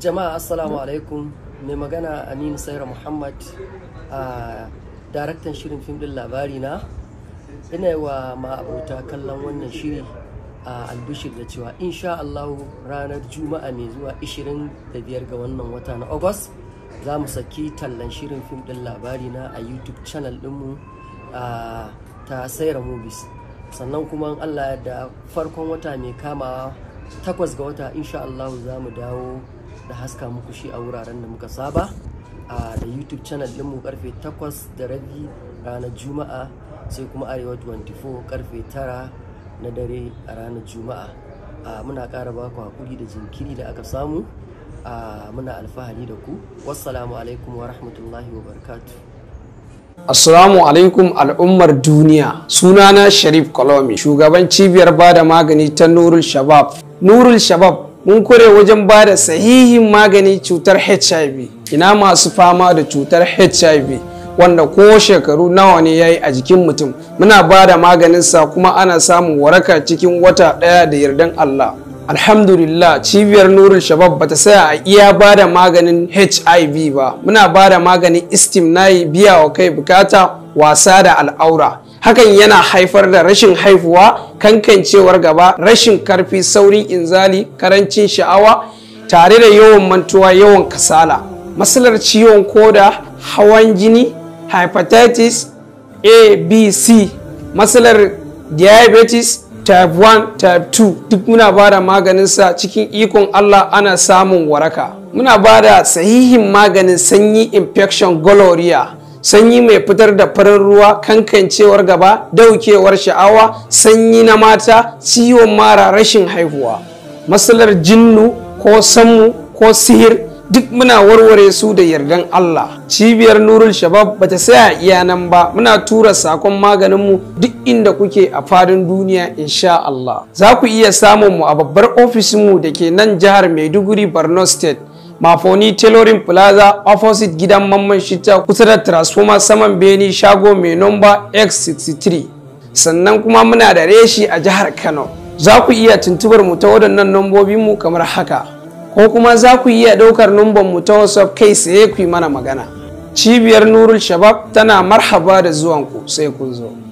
jama'a assalamu alaikum mai magana aminu saira muhammad a daraktan shirin fim din labari na ina yi wa ma'abota kallon wannan shiri a albishir da cewa insha allahu ranar juma'a mai zuwa 25 ga wannan wata na august za mu saki tallan shirin fim din labari na a youtube channel dinmu ta saira movies sannan kuma allah da farkon wata mai kama takwas ga wata insha allahu za mu dawo da haska muku shi a wuraren da muka saba a da youtube channel mu karfe 8 da rabi ranar juma'a sai kuma arewa 24 karfe 9 na dare a ranar juma'a a muna kara ba ku hakuri da jinkiri da aka samu a muna alfahari da ku wassalamu alaikum wa rahmatullahi wa barakatu Assalamu alaikum al'ummar duniya. Sunana Sharif Kolomi, shugaban cibiyar bada magani ta Nurul Shabab. Nurul Shabab mun kure wajen ba da sahihin maganin cutar hiv ina masu fama da cutar hiv wanda ko shekaru nawa ne ya yi a jikin mutum muna ba da sa kuma ana samun waraka cikin wata ɗaya da yardan allah alhamdulillah cibiyar nurin shabab bata saya a iya ba da maganin hiv ba muna ba da maganin istimnai biya wa kai bukata wasa da al'aura hakan yana haifar da rashin haifuwa kankancewar gaba rashin karfi saurin inzali karancin sha'awa tare da yawan mantuwa yawan kasala matsalar ciwon koda hawan jini hepatitis a b c matsalar diabetes type 1 type 2 duk muna ba da sa, cikin ikon allah ana samun waraka muna ba da sahihin maganin sanyi infection gonorrhea sanyi mai fitar da farin ruwa kankancewar gaba daukewar sha'awa sanyi na mata ciwon mara rashin haihuwa matsalar jinnu ko sammu ko sihir duk muna warware su da yardan Allah cibiyar nurul shabab bata saya iya nan ba muna tura sakon maganinmu duk inda kuke a fadin duniya insha Allah za ku iya samun mu a babbar ofishinmu da ke nan jihar Maiduguri Borno State mafoni tailoring plaza opposite gidan mamman shitta kusa da transformer saman beni shago mai nomba x63 sannan kuma muna da reshi a jihar kano za ku iya tuntubar mu ta waɗannan mu kamar haka ko kuma za ku iya ɗaukar numban mu ta whatsapp kai sai ku yi mana magana cibiyar nurul shabab tana marhaba da zuwanku sai kun zo